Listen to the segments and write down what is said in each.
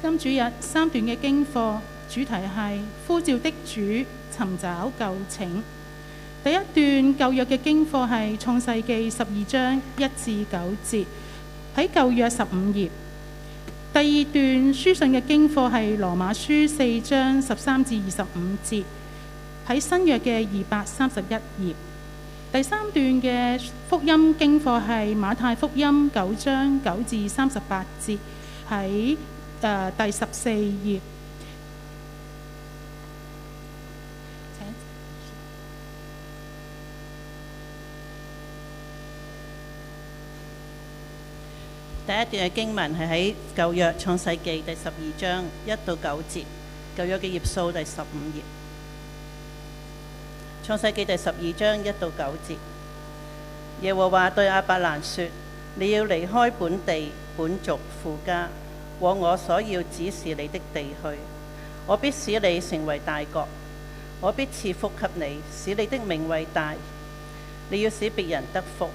今主日三段嘅經課主題係呼召的主尋找舊情。第一段舊約嘅經課係創世記十二章一至九節，喺舊約十五頁。第二段書信嘅經課係羅馬書四章十三至二十五節，喺新約嘅二百三十一頁。第三段嘅福音經課係馬太福音九章九至三十八節，喺。呃、第十四頁，第一段嘅經文係喺《舊約創世記》第十二章一到九節，《舊約》嘅頁數第十五頁，《創世記》第十二章一到九節。耶和華對亞伯蘭説：你要離開本地、本族、父家，」往我,我所要指示你的地去，我必使你成為大國，我必賜福給你，使你的名為大。你要使別人得福，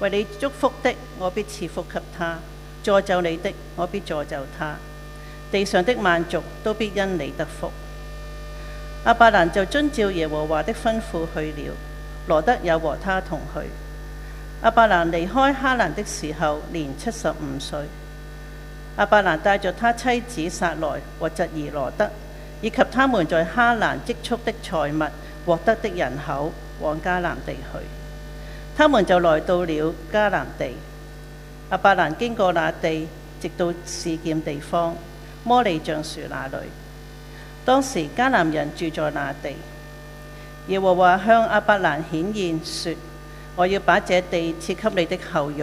為你祝福的，我必賜福給他；詛咒你的，我必詛咒他。地上的萬族都必因你得福。亞伯蘭就遵照耶和華的吩咐去了，羅得也和他同去。亞伯蘭離開哈蘭的時候，年七十五歲。阿伯蘭帶着他妻子撒萊和侄兒羅得，以及他們在哈蘭積蓄的財物，獲得的人口往迦南地去。他們就來到了迦南地。阿伯蘭經過那地，直到示劍地方摩利橡樹那裏。當時迦南人住在那地。耶和華向阿伯蘭顯現說：我要把這地賜給你的後裔。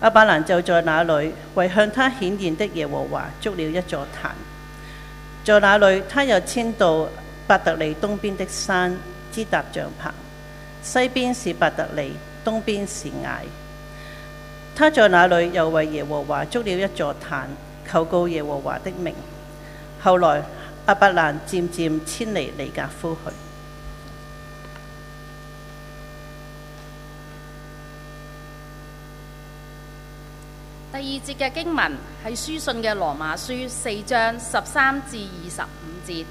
阿伯蘭就在那裡，為向他顯現的耶和華築了一座壇。在那裡，他又遷到伯特利東邊的山，支搭帳篷，西邊是伯特利，東邊是艾。他在那裡又為耶和華築了一座壇，求告耶和華的名。後來，阿伯蘭漸漸遷離尼格夫去。第二節嘅經文係書信嘅羅馬書四章十三至二十五節，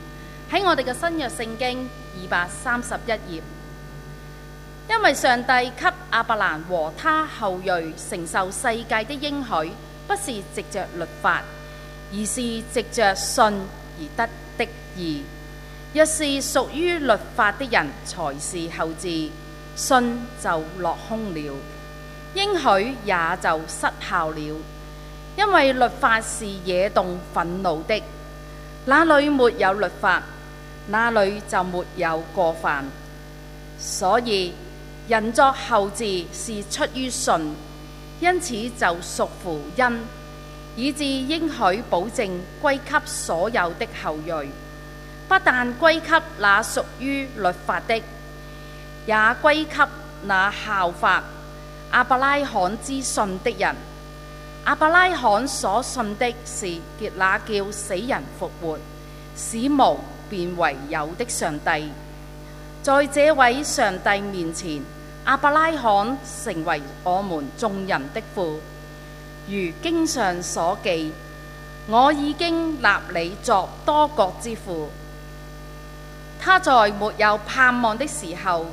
喺我哋嘅新約聖經二百三十一頁。因為上帝給亞伯蘭和他後裔承受世界的應許，不是藉着律法，而是藉着信而得的義。若是屬於律法的人，才是後嗣，信就落空了。應許也就失效了，因為律法是惹動憤怒的。那裏沒有律法，那裏就沒有過犯。所以人作後嗣是出於信，因此就屬乎恩，以致應許保證歸給所有的後裔，不但歸給那屬於律法的，也歸給那效法。亞伯拉罕之信的人，亞伯拉罕所信的是結那叫死人復活、使無變為有的上帝。在這位上帝面前，亞伯拉罕成為我們眾人的父。如經上所記：我已經立你作多國之父。他在沒有盼望的時候，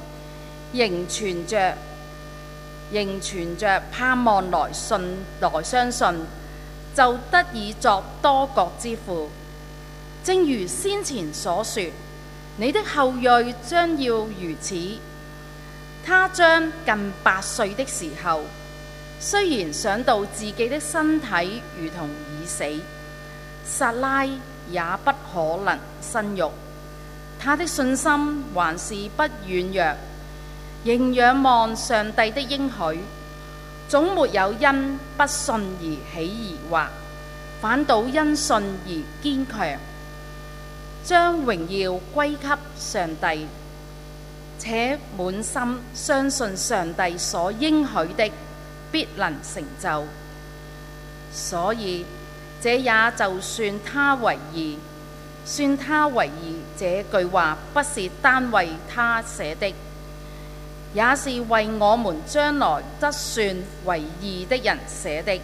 仍存着。仍存着盼望來信來相信，就得以作多國之父。正如先前所說，你的後裔將要如此。他將近百歲的時候，雖然想到自己的身體如同已死，撒拉也不可能生育，他的信心還是不軟弱。仍仰望上帝的應許，總沒有因不信而起疑惑，反倒因信而堅強，將榮耀歸給上帝，且滿心相信上帝所應許的必能成就。所以，這也就算他為義，算他為義，這句話不是單為他寫的。也是為我們將來得算為義的人寫的，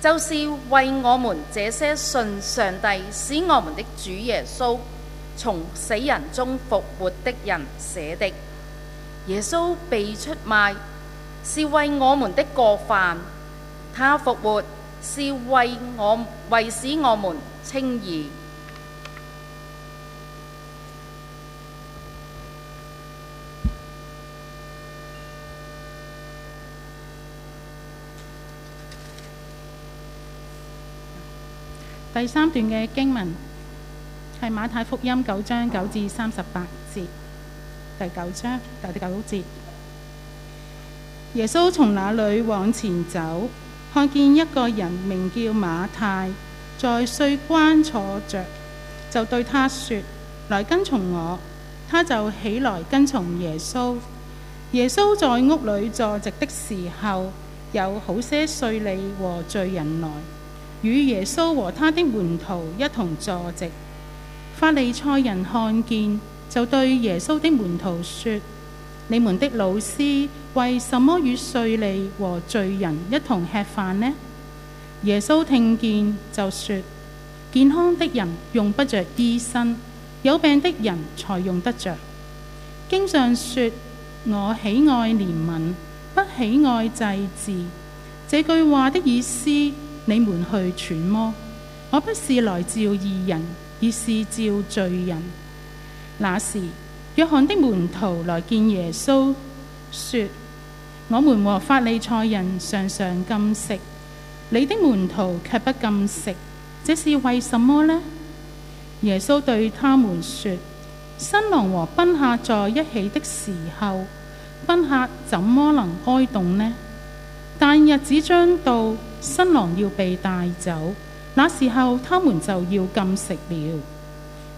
就是為我們這些信上帝使我們的主耶穌從死人中復活的人寫的。耶穌被出賣是為我們的過犯，他復活是為我，為使我們稱義。第三段嘅經文係馬太福音九章九至三十八節，第九章第九節。耶穌從那裡往前走，看見一個人名叫馬太，在稅關坐着，就對他說：來跟從我。他就起來跟從耶穌。耶穌在屋裡坐席的時候，有好些稅吏和罪人來。與耶穌和他的門徒一同坐席，法利賽人看見，就對耶穌的門徒說：你們的老師為什麼與稅吏和罪人一同吃飯呢？耶穌聽見就說：健康的人用不着醫生，有病的人才用得着。經上說：我喜愛憐憫，不喜愛祭祀。這句話的意思。你們去揣摩，我不是來召義人，而是召罪人。那時，約翰的門徒來見耶穌，說：我們和法利賽人常常禁食，你的門徒卻不禁食，這是為什麼呢？耶穌對他們說：新郎和賓客在一起的時候，賓客怎麼能哀慟呢？但日子將到。新郎要被帶走，那時候他們就要禁食了。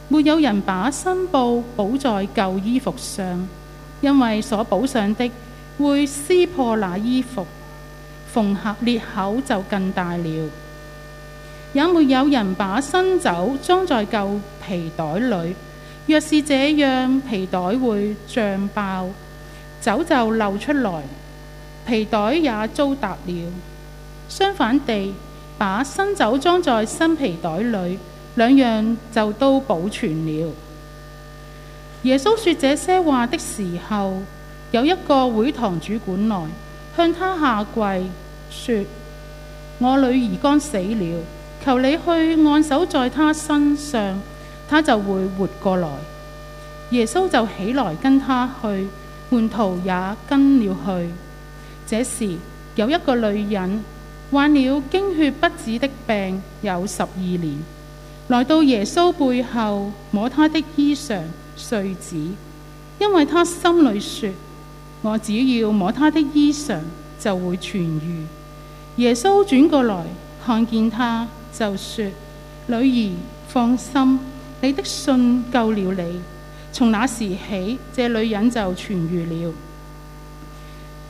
沒有人把新布補在舊衣服上，因為所補上的會撕破那衣服，縫合裂口就更大了。也沒有人把新酒裝在舊皮袋裏，若是這樣，皮袋會脹爆，酒就漏出來，皮袋也糟蹋了。相反地，把新酒裝在新皮袋裏，兩樣就都保存了。耶穌說這些話的時候，有一個會堂主管來向他下跪，說：我女兒剛死了，求你去按手在她身上，她就會活過來。耶穌就起來跟他去，門徒也跟了去。這時有一個女人。患了經血不止的病有十二年，來到耶穌背後摸他的衣裳繸子，因為他心裏說：我只要摸他的衣裳就會痊愈。耶穌轉過來看見他就說：女兒放心，你的信救了你。從那時起，這女人就痊愈了。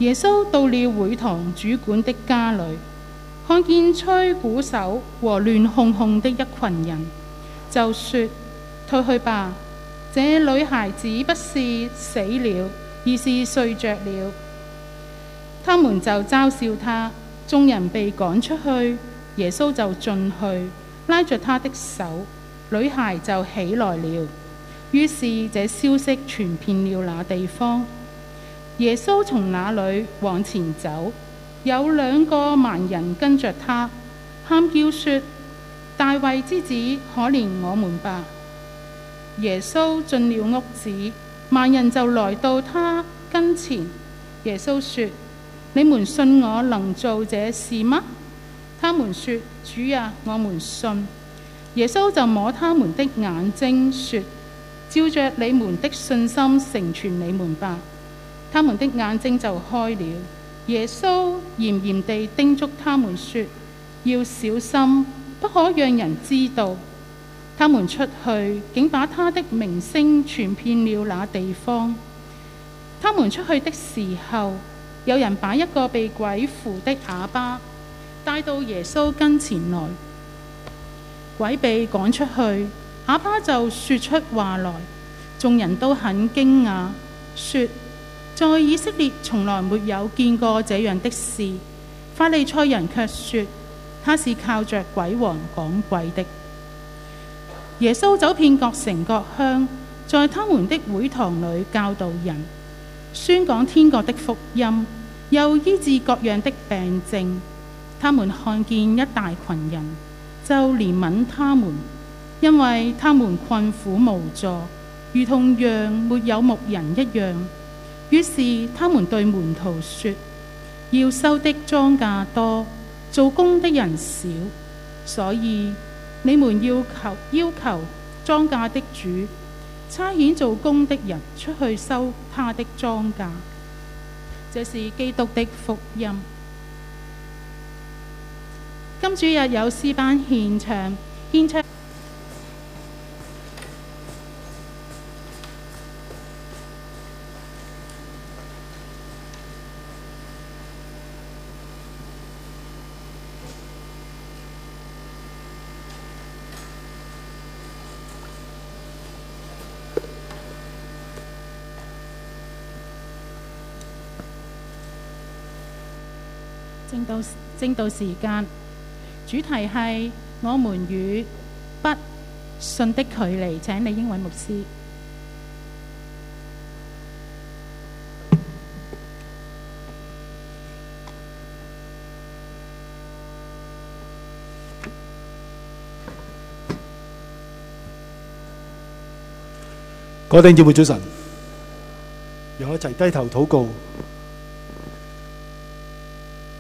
耶穌到了會堂主管的家裏。看見吹鼓手和亂哄哄的一群人，就說，退去吧！這女孩子不是死了，而是睡着了。他們就嘲笑她。眾人被趕出去，耶穌就進去，拉着她的手，女孩就起來了。於是這消息傳遍了那地方。耶穌從那裏往前走。有兩個盲人跟着他，喊叫說：大衛之子，可憐我們吧！耶穌進了屋子，盲人就來到他跟前。耶穌說：你們信我能做這事嗎？他們說：主啊，我們信。耶穌就摸他們的眼睛說：照着你們的信心，成全你們吧！他們的眼睛就開了。耶穌嚴嚴地叮囑他們說：要小心，不可讓人知道。他們出去，竟把他的名聲傳遍了那地方。他們出去的時候，有人把一個被鬼附的啞巴帶到耶穌跟前來，鬼被趕出去，啞巴就說出話來，眾人都很驚訝，說。在以色列從來沒有見過這樣的事，法利賽人卻說他是靠着鬼王講鬼的。耶穌走遍各城各鄉，在他們的會堂裏教導人，宣講天國的福音，又醫治各樣的病症。他們看見一大群人，就憐憫他們，因為他們困苦無助，如同羊沒有牧人一樣。於是他們對門徒說：要收的莊稼多，做工的人少，所以你們要求要求莊稼的主差遣做工的人出去收他的莊稼。這是基督的福音。今主日有詩班獻唱，獻唱。聖道時間，主題係我們與不信的距離，請李英偉牧師。各位弟兄姊妹早晨，讓我一齊低頭禱告。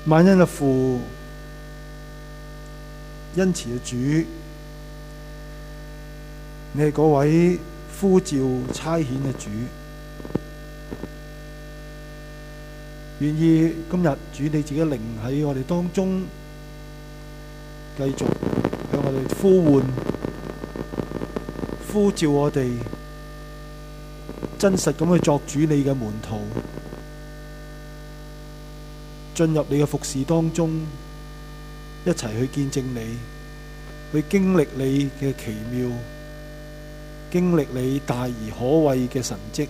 萬恩嘅父，恩慈嘅主，你係嗰位呼召差遣嘅主，願意今日主你自己靈喺我哋當中，繼續向我哋呼喚、呼召我哋真實咁去作主你嘅門徒。進入你嘅服侍當中，一齊去見證你，去經歷你嘅奇妙，經歷你大而可畏嘅神蹟。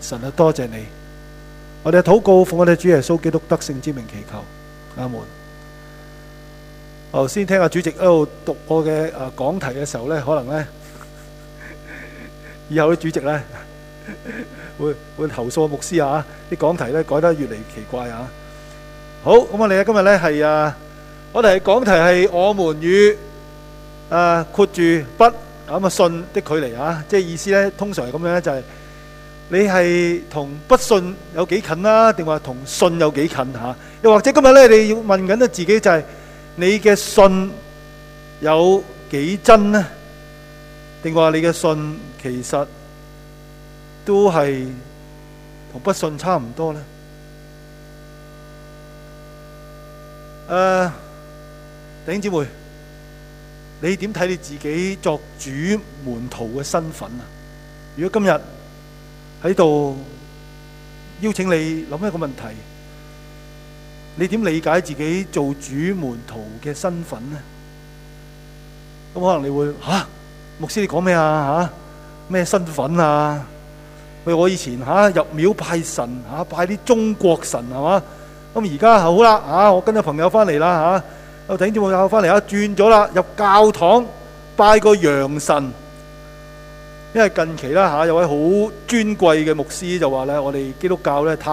神啊，多謝你！我哋禱告，奉我哋主耶穌基督得勝之名祈求。阿門。頭先聽下主席喺度讀我嘅誒講題嘅時候咧，可能咧 以後啲主席咧 會會投訴牧師啊，啲講題咧改得越嚟越奇怪啊！好，咁我哋咧今日咧係啊，我哋講題係我們與誒括住不咁嘅、啊、信的距離啊，即係意思咧，通常係咁樣就係、是、你係同不信有幾近啦、啊，定話同信有幾近吓、啊？又或者今日咧，你要問緊咧自己就係你嘅信有幾真咧、啊？定話你嘅信其實都係同不信差唔多咧？誒，uh, 弟兄姊妹，你點睇你自己作主門徒嘅身份啊？如果今日喺度邀請你諗一個問題，你點理解自己做主門徒嘅身份呢？咁可能你會嚇、啊、牧師，你講咩啊？嚇咩身份啊？喂，我以前嚇、啊、入廟拜神嚇、啊，拜啲中國神係嘛？咁而家好啦，啊，我跟咗朋友翻嚟啦，啊，我頂住我友翻嚟啊，轉咗啦，入教堂拜個洋神，因為近期啦嚇，啊，有位好尊貴嘅牧師就話咧，我哋基督教咧太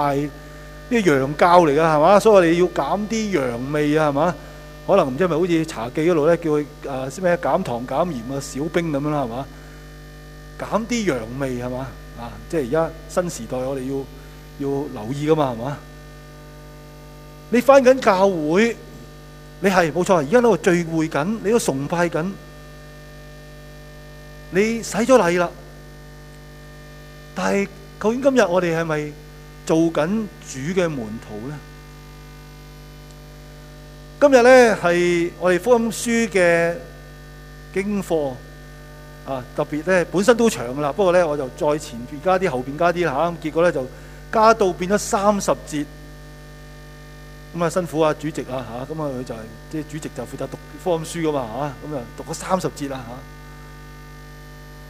啲洋教嚟嘅係嘛，所以我哋要減啲洋味啊係嘛，可能唔知係咪好似茶記嗰度咧叫佢咩減糖減鹽啊少冰咁樣啦係嘛，減啲洋味係嘛，啊，即係而家新時代我哋要要留意噶嘛係嘛。你返緊教會，你係冇錯。而家喺度聚會緊，你都崇拜緊，你洗咗禮啦。但係，究竟今日我哋係咪做緊主嘅門徒咧？今日咧係我哋福音書嘅經課啊，特別咧本身都長啦，不過咧我就再前邊加啲，後邊加啲嚇，啊，結果咧就加到變咗三十節。咁啊，辛苦啊，主席啊，吓咁啊，佢就係即係主席就負責讀科咁書噶嘛，吓咁啊，讀咗三十節啦，吓。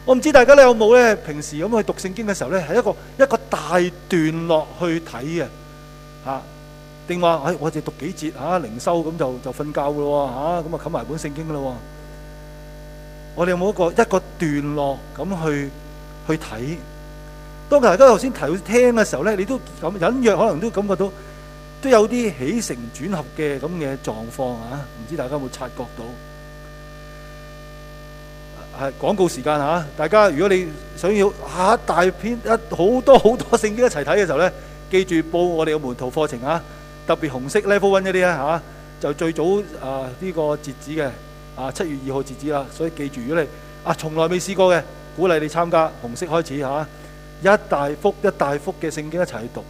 我唔知大家你有冇咧平時咁去讀聖經嘅時候咧，係一個一個大段落去睇嘅，吓定話唉，我哋讀幾節啊，靈修咁就就瞓覺咯，吓咁啊，冚埋本聖經咯。我哋有冇一個一個段落咁去去睇？當大家頭先提到聽嘅時候咧，你都感隱約可能都感覺到。都有啲起承轉合嘅咁嘅狀況啊！唔知大家有冇察覺到？係廣告時間啊！大家如果你想要下一大篇一好多好多聖經一齊睇嘅時候呢，記住報我哋嘅門徒課程啊！特別紅色 level one 啲咧嚇，就最早啊呢、呢個截止嘅啊七月二號截止啦，所以記住，如果你啊從來未試過嘅，鼓勵你參加紅色開始嚇、啊，一大幅一大幅嘅聖經一齊去讀，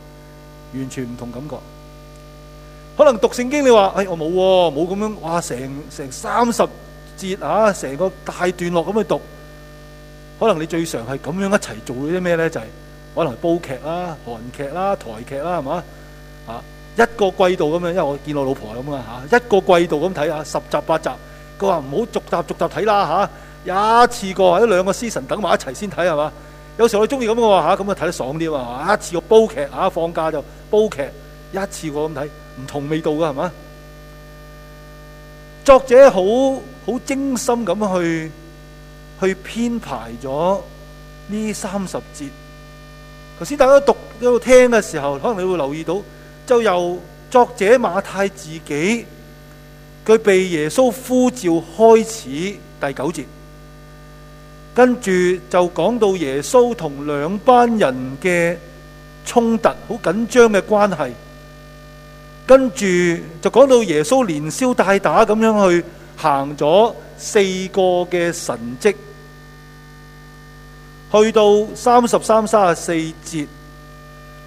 完全唔同感覺。可能讀聖經你話，哎，我冇喎，冇咁樣，哇，成成三十節啊，成個大段落咁去讀。可能你最常係咁樣一齊做啲咩呢？就係、是、可能煲劇啦、韓劇啦、台劇啦，係嘛？啊，一個季度咁樣，因為我見我老婆咁啊嚇，一個季度咁睇下十集八集。佢話唔好逐集逐集睇啦嚇、啊，一次過喺兩個 season 等埋一齊先睇係嘛？有時候你中意咁嘅喎嚇，咁啊睇得爽啲啊嘛、啊，一次過煲劇嚇，放假就煲劇，一次過咁睇。唔同味道噶，係嘛？作者好好精心咁，去去編排咗呢三十節。頭先大家讀喺度聽嘅時候，可能你會留意到，就由作者馬太自己佢被耶穌呼召開始第九節，跟住就講到耶穌同兩班人嘅衝突，好緊張嘅關係。跟住就講到耶穌連消帶打咁樣去行咗四個嘅神蹟，去到三十三三十四節，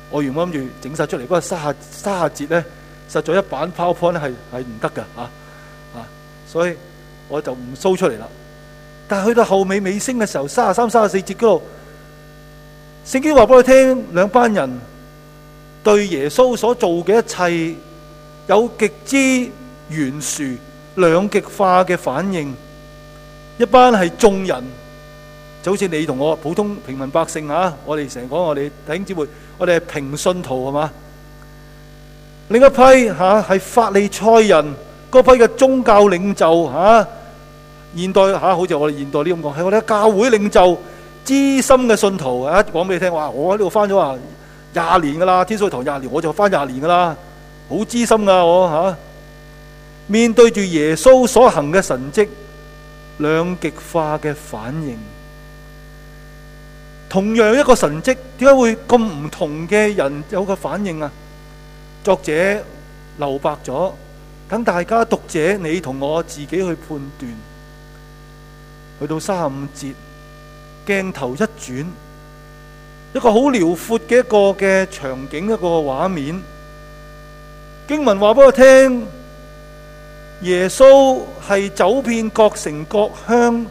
我原本諗住整曬出嚟，嗰個三十三十節咧，實在一板 powerpoint 咧係係唔得㗎嚇嚇，所以我就唔 show 出嚟啦。但係去到後尾尾聲嘅時候，三十三三十四節嗰度，聖經話俾我聽，兩班人對耶穌所做嘅一切。有極之懸殊、兩極化嘅反應，一班係眾人，就好似你同我普通平民百姓嚇，我哋成日講我哋弟兄姊妹，我哋係平信徒係嘛？另一批嚇係、啊、法利賽人嗰批嘅宗教領袖嚇、啊，現代嚇、啊、好似我哋現代啲咁講，係我哋教會領袖、資深嘅信徒啊，一講俾你聽話，我喺呢度翻咗啊廿年噶啦，天水堂廿年，我就翻廿年噶啦。好知心噶我吓、啊，面對住耶穌所行嘅神迹，兩極化嘅反應。同樣一個神迹，點解會咁唔同嘅人有個反應啊？作者留白咗，等大家讀者你同我自己去判斷。去到三十五節，鏡頭一轉，一個好遼闊嘅一個嘅場景，一個畫面。經文話俾我聽，耶穌係走遍各城各鄉，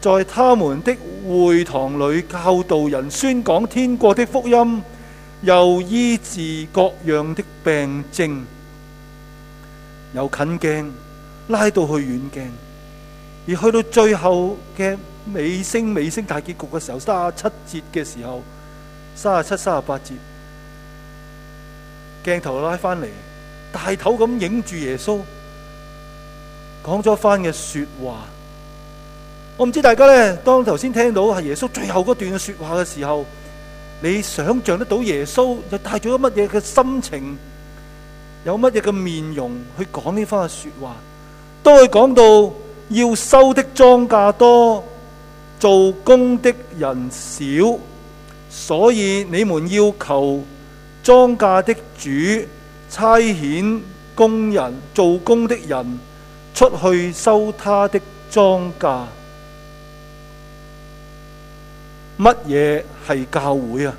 在他們的會堂裏教導人，宣講天國的福音，又醫治各樣的病症，由近鏡拉到去遠鏡，而去到最後嘅尾聲尾聲大結局嘅時候，三十七節嘅時候，三十七三十八節，鏡頭拉翻嚟。大頭咁影住耶穌，講咗番嘅說話。我唔知大家呢，當頭先聽到係耶穌最後嗰段說話嘅時候，你想象得到耶穌又帶咗乜嘢嘅心情，有乜嘢嘅面容去講呢番嘅說話？都會講到要收的莊稼多，做工的人少，所以你們要求莊稼的主。差遣工人做工的人出去收他的莊稼。乜嘢，係教會啊？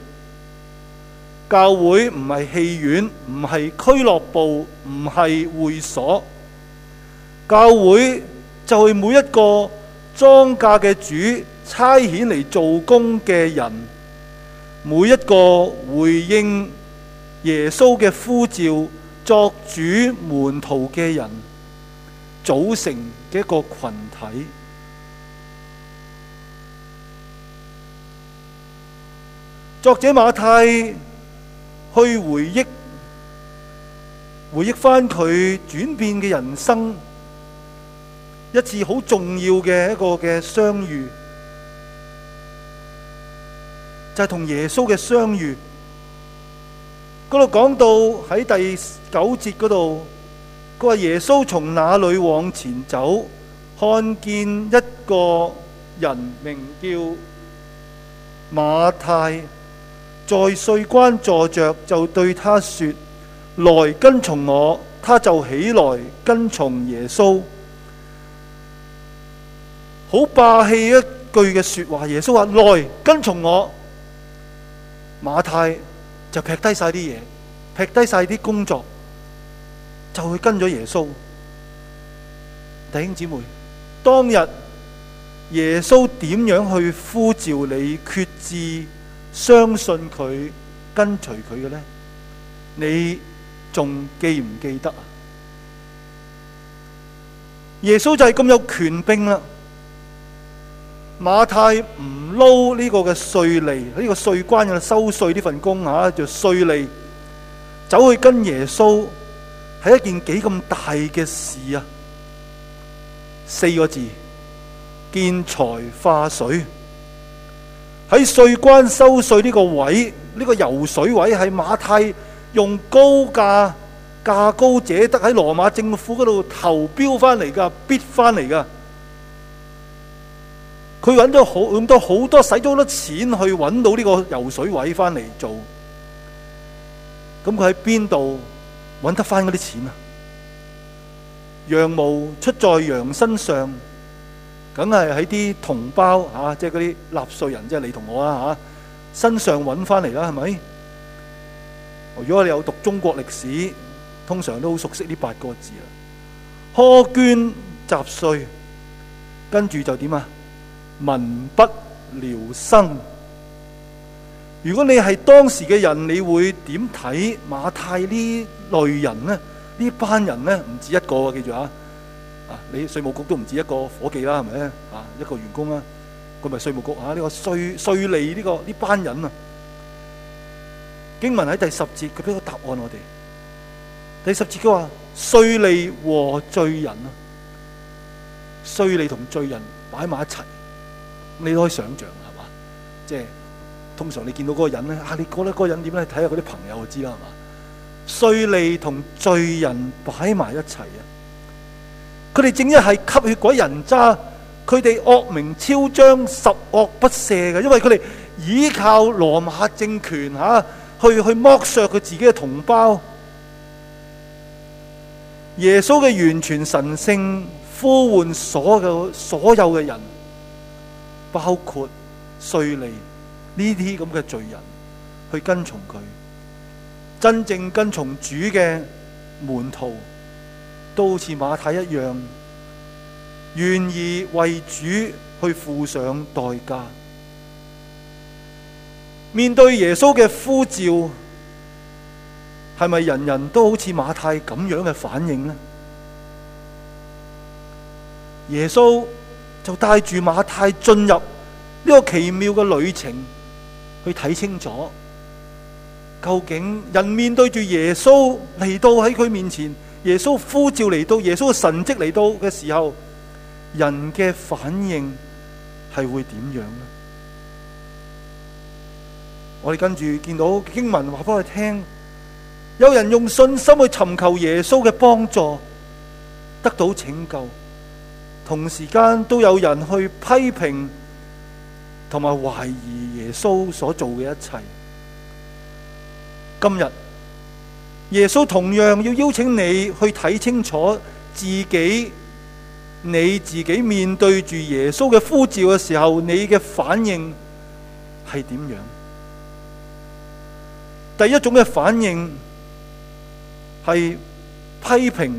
教會唔係戲院，唔係俱樂部，唔係會所。教會就係每一個莊稼嘅主差遣嚟做工嘅人，每一個回應。耶穌嘅呼召，作主門徒嘅人組成嘅一個群體。作者馬太去回憶，回憶返佢轉變嘅人生，一次好重要嘅一個嘅相遇，就係同耶穌嘅相遇。嗰度講到喺第九節嗰度，佢話耶穌從那裏往前走，看見一個人名叫馬太，在稅關坐着，就對他説：來跟從我。他就起來跟從耶穌。好霸氣一句嘅説話，耶穌話：來跟從我，馬太。就擗低晒啲嘢，擗低晒啲工作，就去跟咗耶穌。弟兄姊妹，當日耶穌點樣去呼召你決志相信佢跟隨佢嘅咧？你仲記唔記得啊？耶穌就係咁有權柄啦。馬太唔撈呢個嘅稅吏，呢、這個稅關嘅收稅呢份工吓，就稅吏走去跟耶穌係一件幾咁大嘅事啊！四個字：見財化水。喺稅關收稅呢個位，呢、這個游水位係馬太用高價價高者得喺羅馬政府嗰度投標翻嚟噶，必翻嚟噶。佢揾咗好多好多，使咗好多錢去揾到呢個游水位翻嚟做。咁佢喺邊度揾得翻嗰啲錢啊？羊毛出在羊身上，梗係喺啲同胞嚇、啊，即係嗰啲納稅人，即係你同我啦嚇、啊、身上揾翻嚟啦，係咪？如果你有讀中國歷史，通常都好熟悉呢八個字啦。苛捐雜稅，跟住就點啊？民不聊生。如果你係當時嘅人，你會點睇馬太呢類人咧？呢班人咧，唔止一個，記住啊啊！你稅務局都唔止一個夥計啦，係咪啊？一個員工啊，佢咪稅務局啊，呢個稅稅吏呢個呢班人啊，經文喺第十節，佢俾個答案我哋。第十節佢話稅吏和罪人啊，稅吏同罪人擺埋一齊。你都可以想象係嘛？即係通常你見到嗰個人咧，啊，你覺得嗰個人點咧？睇下佢啲朋友就知啦，係嘛？稅吏同罪人擺埋一齊啊！佢哋正一係吸血鬼人渣，佢哋惡名昭彰，十惡不赦嘅，因為佢哋依靠羅馬政權吓、啊，去去剝削佢自己嘅同胞。耶穌嘅完全神聖呼喚所有，所有所有嘅人。包括稅吏呢啲咁嘅罪人，去跟從佢。真正跟從主嘅門徒，都似馬太一樣，願意為主去付上代價。面對耶穌嘅呼召，係咪人人都好似馬太咁樣嘅反應呢？耶穌。就帶住馬太進入,呢個奇妙嘅旅程,去睇清楚,究竟,人面對住耶穌嚟到,喺佢面前,耶穌呼召嚟到,耶穌嘅神蹟嚟到嘅時候,人嘅反應,係會點樣呢?我哋跟住見到,經文話俾佢聽,有人用信心去尋求耶穌嘅幫助,得到拯救,同時間都有人去批評同埋懷疑耶穌所做嘅一切。今日耶穌同樣要邀請你去睇清楚自己，你自己面對住耶穌嘅呼召嘅時候，你嘅反應係點樣？第一種嘅反應係批評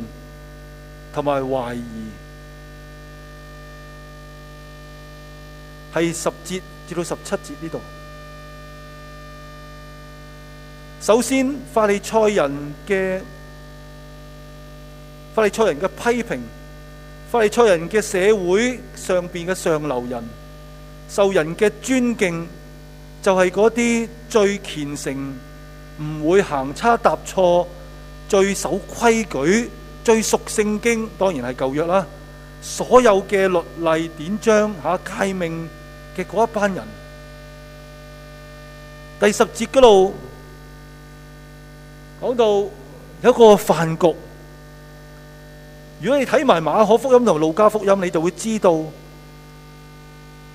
同埋懷疑。係十節至到十七節呢度。首先，法利賽人嘅法利賽人嘅批評，法利賽人嘅社會上邊嘅上流人受人嘅尊敬，就係嗰啲最虔誠、唔會行差踏錯、最守規矩、最熟聖經，當然係舊約啦。所有嘅律例典章嚇、啊、誡命。嘅嗰一班人，第十節嗰度講到有一個飯局。如果你睇埋馬可福音同路加福音，你就會知道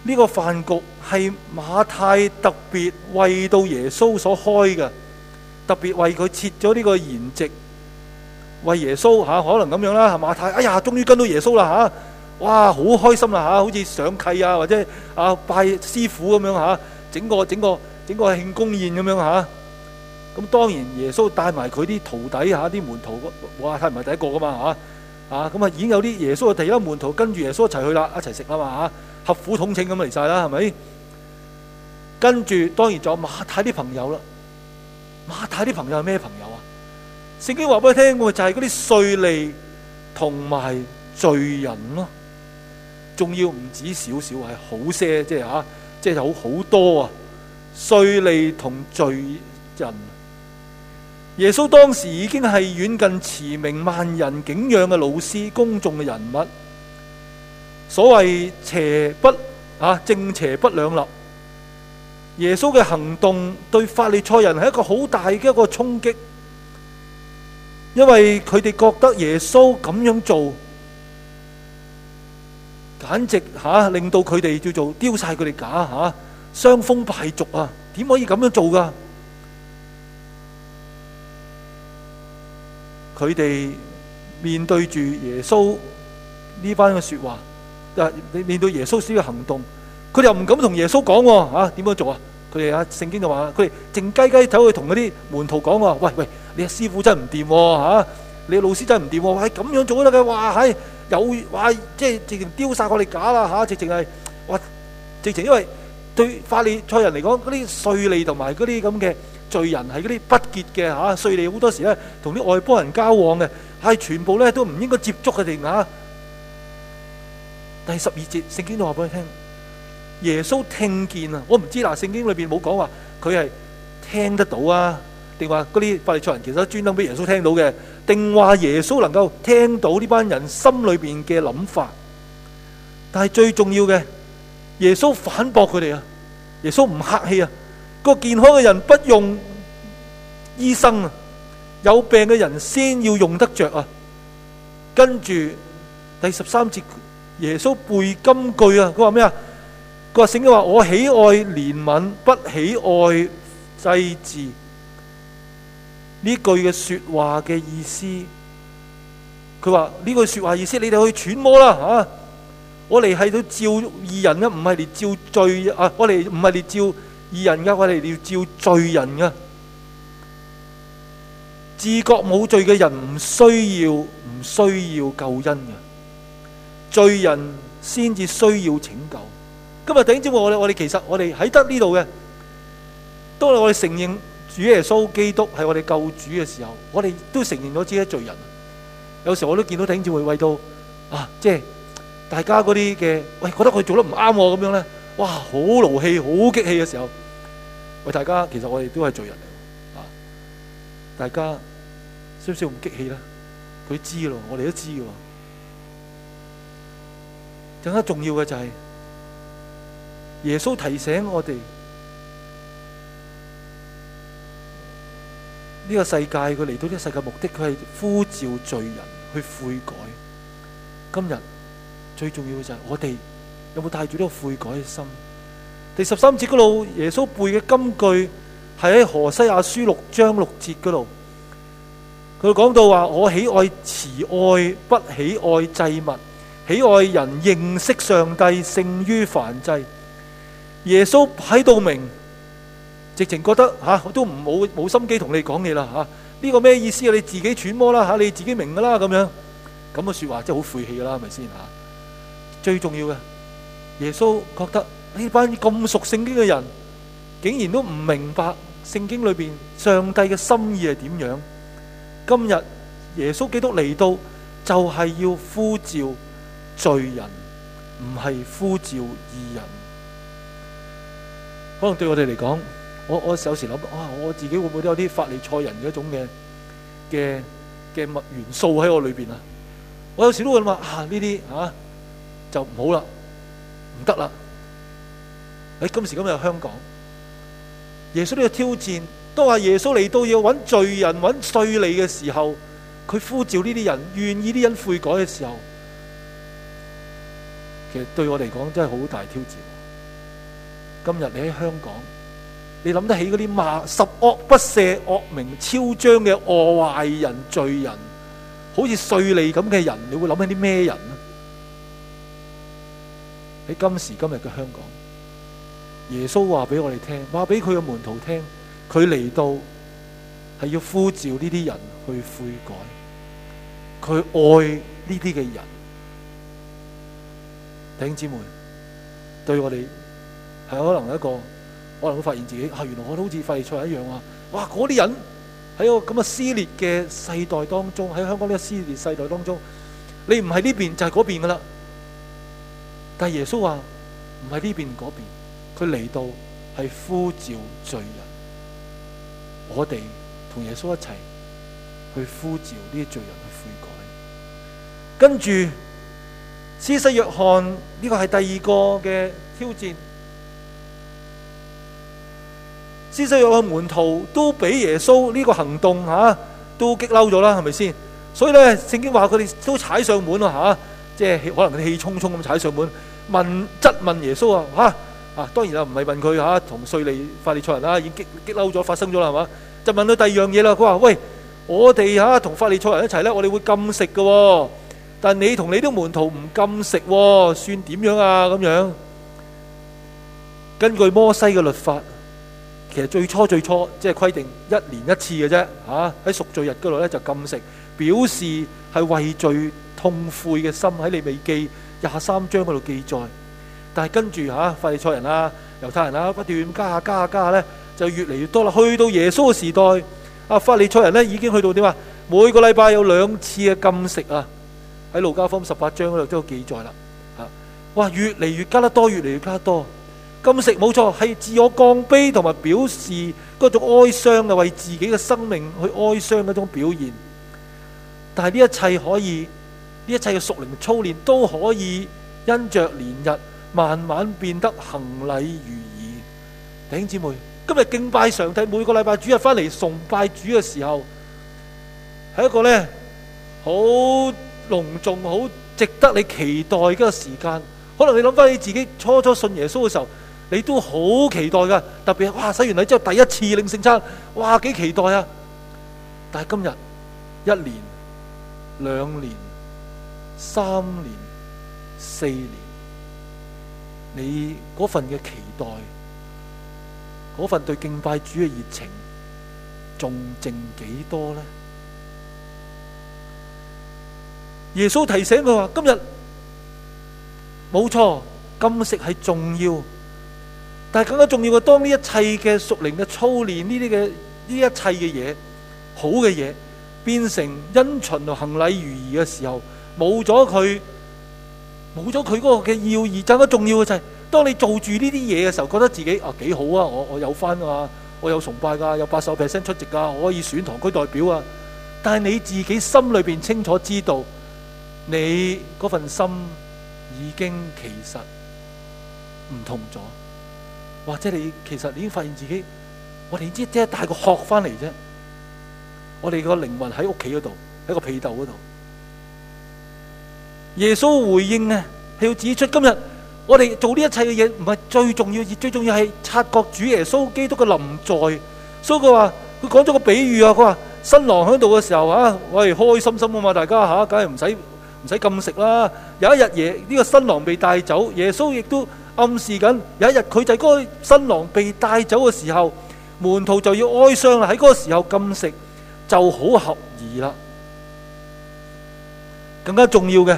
呢個飯局係馬太特別為到耶穌所開嘅，特別為佢設咗呢個筵席，為耶穌嚇，啊，可能咁樣啦，係馬太，哎呀，終於跟到耶穌啦嚇。啊。哇！好開心啦嚇，好似上契啊，或者啊拜師傅咁樣嚇，整個整個整個慶功宴咁樣嚇。咁當然耶穌帶埋佢啲徒弟嚇，啲門徒個哇，太唔係第一個噶嘛嚇？啊咁啊已經有啲耶穌嘅第一門徒跟住耶穌一齊去啦，一齊食啊嘛嚇，合府統請咁嚟晒啦，係咪？跟住當然仲有馬太啲朋友啦。馬太啲朋友係咩朋友啊？聖經話俾你聽喎，就係嗰啲稅吏同埋罪人咯。仲要唔止少少，係好些，即係嚇、啊，即係好好多啊！稅吏同罪人，耶穌當時已經係遠近馳名、萬人敬仰嘅老師、公眾嘅人物。所謂邪不嚇、啊、正邪不兩立，耶穌嘅行動對法利賽人係一個好大嘅一個衝擊，因為佢哋覺得耶穌咁樣做。簡直嚇、啊、令到佢哋叫做丟晒佢哋假嚇，傷、啊、風敗俗啊！點可以咁樣做噶？佢哋面對住耶穌呢班嘅説話，即、啊、係面對耶穌呢啲嘅行動，佢哋又唔敢同耶穌講喎嚇，點樣做啊？佢哋啊聖、啊、經就話，佢哋靜雞雞走去同嗰啲門徒講話、啊，喂喂，你師傅真係唔掂嚇，你老師真係唔掂，係、啊、咁樣做得嘅，哇、啊、係！哎有話即係直情丟晒我哋假啦嚇！直情係哇，直情因為對法利賽人嚟講，嗰啲稅吏同埋嗰啲咁嘅罪人係嗰啲不潔嘅嚇、啊。稅吏好多時咧，同啲外邦人交往嘅，係、啊、全部咧都唔應該接觸嘅哋嚇。第十二節聖經都話俾你聽，耶穌聽見啊！我唔知嗱，聖經裏邊冇講話佢係聽得到啊？定話嗰啲法利賽人其實專登俾耶穌聽到嘅？定話耶穌能夠聽到呢班人心裏邊嘅諗法，但係最重要嘅，耶穌反駁佢哋啊！耶穌唔客氣啊！個健康嘅人不用醫生啊，有病嘅人先要用得着啊！跟住第十三節，耶穌背金句啊！佢話咩啊？佢話聖經話，我喜愛憐憫，不喜愛祭祀。呢句嘅說話嘅意思，佢話呢句說話意思，你哋去揣摩啦吓、啊。我嚟係度召義人噶，唔係你召罪啊！我嚟唔係你召義人噶，我嚟要召罪人噶。自覺冇罪嘅人唔需要，唔需要救恩嘅罪人先至需要拯救。今日頂之，我哋，我哋其實我哋喺得呢度嘅，都係我哋承認，主耶穌基督係我哋救主嘅時候，我哋都承認咗自己係罪人。有時我都見到頂住會為到啊，即係大家嗰啲嘅喂，覺得佢做得唔啱咁樣咧，哇，好勞氣，好激氣嘅時候，喂大家，其實我哋都係罪人嚟，啊，大家需唔需要咁激氣啦，佢知咯，我哋都知嘅。更加重要嘅就係耶穌提醒我哋。呢個世界，佢嚟到呢個世界的目的，佢係呼召罪人去悔改。今日最重要嘅就係我哋有冇帶住呢個悔改嘅心？第十三節嗰度耶穌背嘅金句係喺何西阿書六章六節嗰度，佢講到話：我喜愛慈愛，不喜愛祭物；喜愛人認識上帝勝於燔祭。耶穌喺度明。直情覺得吓，我、啊、都唔冇冇心機同你講嘢啦吓，呢、啊，這個咩意思啊？你自己揣摩啦吓、啊，你自己明噶啦咁樣，咁嘅說話真係好晦氣噶啦，係咪先吓？最重要嘅，耶穌覺得呢班咁熟聖經嘅人，竟然都唔明白聖經裏邊上帝嘅心意係點樣。今日耶穌基督嚟到，就係、是、要呼召罪人，唔係呼召義人。可能對我哋嚟講，我我有時諗啊，我自己會唔會都有啲法利賽人嘅一種嘅嘅嘅物元素喺我裏邊啊？我有時都會諗話啊，呢啲啊就唔好啦，唔得啦！喺、哎、今時今日香港，耶穌呢個挑戰都話，當耶穌嚟到要揾罪人揾稅吏嘅時候，佢呼召呢啲人，願意啲人悔改嘅時候，其實對我嚟講真係好大挑戰。今日你喺香港。你諗得起嗰啲罵十惡不赦、惡名昭彰嘅惡壞人、罪人，好似稅吏咁嘅人，你會諗起啲咩人咧？喺今時今日嘅香港，耶穌話俾我哋聽，話俾佢嘅門徒聽，佢嚟到係要呼召呢啲人去悔改，佢愛呢啲嘅人。弟兄姊妹，對我哋係可能一個。可能會發現自己嚇、啊，原來我都好似廢菜一樣啊。哇，嗰啲人喺個咁嘅撕裂嘅世代當中，喺香港呢個撕裂世代當中，你唔係呢邊就係嗰邊噶啦。但係耶穌話唔係呢邊、嗰邊，佢嚟到係呼召罪人。我哋同耶穌一齊去呼召呢啲罪人去悔改。跟住，施洗約翰呢、呢個係第二個嘅挑戰。只需要個門徒都俾耶穌呢個行動嚇都激嬲咗啦，係咪先？所以呢，聖經話佢哋都踩上門啊嚇，即係可能佢哋氣沖沖咁踩上門問質問耶穌啊嚇啊，當然啦唔係問佢嚇，同敘利法利賽人啦，已經激嬲咗，發生咗啦係嘛？就問到第二樣嘢啦，佢話：喂，我哋嚇同法利賽人一齊呢，我哋會禁食嘅，但你同你啲門徒唔禁食，算點樣啊？咁樣根據摩西嘅律法。其實最初最初即係規定一年一次嘅啫，嚇喺贖罪日嗰度呢，就禁食，表示係畏罪痛悔嘅心喺你未記廿三章嗰度記載。但係跟住嚇、啊，法利賽人啦、啊、猶太人啦、啊、不斷加下加下加咧，就越嚟越多啦。去到耶穌嘅時代，啊，法利賽人呢已經去到點啊？每個禮拜有兩次嘅禁食啊，喺路加福音十八章嗰度都有記載啦。嚇、啊，哇，越嚟越加得多，越嚟越加得多。越禁食冇錯，係自我降卑同埋表示嗰種哀傷嘅，為自己嘅生命去哀傷嗰種表現。但係呢一切可以，呢一切嘅屬靈操練都可以因着年日慢慢變得行禮如儀。弟兄姊妹，今日敬拜上帝，每個禮拜主日翻嚟崇拜主嘅時候，係一個呢好隆重、好值得你期待嘅時間。可能你諗翻起自己初初信耶穌嘅時候。你都好期待噶，特別係哇！洗完禮之後第一次領聖餐，哇幾期待啊！但係今日一年、兩年、三年、四年，你嗰份嘅期待，嗰份對敬拜主嘅熱情，仲剩幾多咧？耶穌提醒佢話：今日冇錯，禁食係重要。但更加重要嘅，當呢一切嘅屬靈嘅操練，呢啲嘅呢一切嘅嘢，好嘅嘢，變成因循同行禮如儀嘅時候，冇咗佢，冇咗佢嗰個嘅要義。更加重要嘅就係，當你做住呢啲嘢嘅時候，覺得自己啊幾好啊！我我有返啊，我有崇拜㗎、啊，有八十 percent 出席、啊、我可以選堂區代表啊。但係你自己心裏邊清楚知道，你嗰份心已經其實唔同咗。或者你其實你已經發現自己，我哋只只係帶個殼翻嚟啫。我哋個靈魂喺屋企嗰度，喺個被竇嗰度。耶穌回應呢，係要指出今日我哋做呢一切嘅嘢，唔係最重要，而最重要係察覺主耶穌基督嘅臨在。所以佢話佢講咗個比喻啊，佢話新郎喺度嘅時候啊，喂，開心心啊嘛，大家吓，梗係唔使唔使禁食啦。有一日夜呢、呢個新郎被帶走，耶穌亦都。暗示緊有一日佢就係個新郎被帶走嘅時候，門徒就要哀傷啦。喺嗰個時候禁食就好合宜啦。更加重要嘅，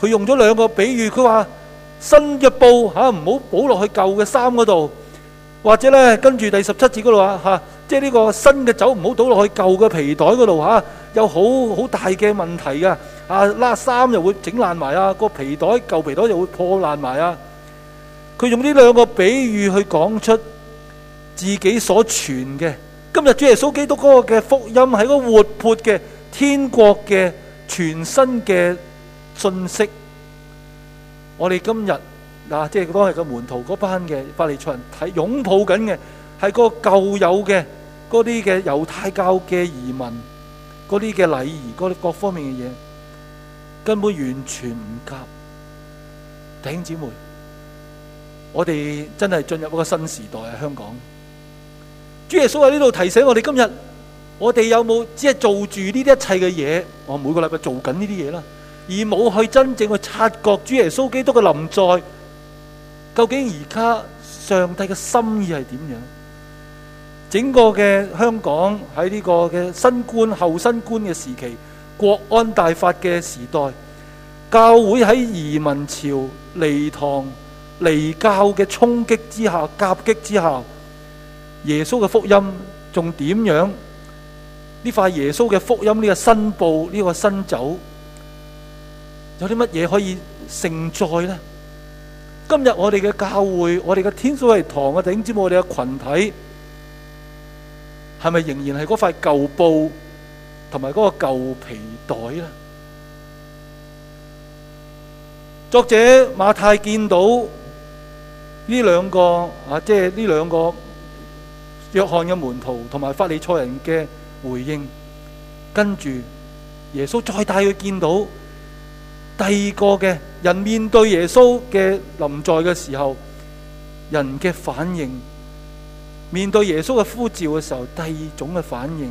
佢用咗兩個比喻。佢話新嘅布嚇唔好補落去舊嘅衫嗰度，或者咧跟住第十七節嗰度啊嚇，即係呢個新嘅酒唔好倒落去舊嘅皮袋嗰度嚇，有好好大嘅問題嘅啊！啦衫又會整爛埋啊，個皮袋舊皮袋又會破爛埋啊。佢用呢兩個比喻去講出自己所傳嘅今日主耶穌基督嗰個嘅福音，係個活潑嘅天國嘅全新嘅信息。我哋今日嗱、啊，即係當日嘅門徒嗰班嘅法利賽人，係擁抱緊嘅，係個舊有嘅嗰啲嘅猶太教嘅移民嗰啲嘅禮儀，嗰啲各方面嘅嘢，根本完全唔夾，弟兄姊妹。我哋真係進入一個新時代啊！香港，主耶穌喺呢度提醒我哋：今日我哋有冇只係做住呢啲一切嘅嘢？我每個禮拜做緊呢啲嘢啦，而冇去真正去察覺主耶穌基督嘅臨在。究竟而家上帝嘅心意係點樣？整個嘅香港喺呢個嘅新冠後新冠嘅時期，國安大法嘅時代，教會喺移民潮、離堂離教嘅衝擊之下，夾擊之下，耶穌嘅福音仲點樣？呢塊耶穌嘅福音呢個新布呢個新酒，有啲乜嘢可以承載咧？今日我哋嘅教會，我哋嘅天主教堂嘅頂尖，我哋嘅群體，係咪仍然係嗰塊舊布同埋嗰個舊皮袋咧？作者馬太見到。呢兩個啊，即係呢兩個約翰嘅門徒同埋法利賽人嘅回應，跟住耶穌再帶佢見到第二個嘅人面對耶穌嘅臨在嘅時候，人嘅反應面對耶穌嘅呼召嘅時候，第二種嘅反應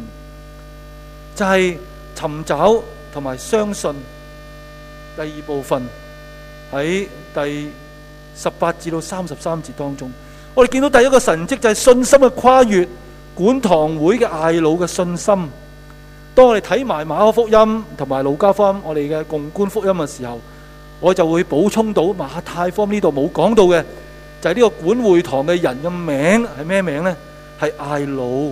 就係、是、尋找同埋相信。第二部分喺第。十八至到三十三節當中，我哋見到第一個神蹟就係信心嘅跨越。管堂會嘅睚魯嘅信心，當我哋睇埋馬可福音同埋路加福音，我哋嘅共觀福音嘅時候，我就會補充到馬太福音呢度冇講到嘅，就係呢個管會堂嘅人嘅名係咩名呢？係睚魯。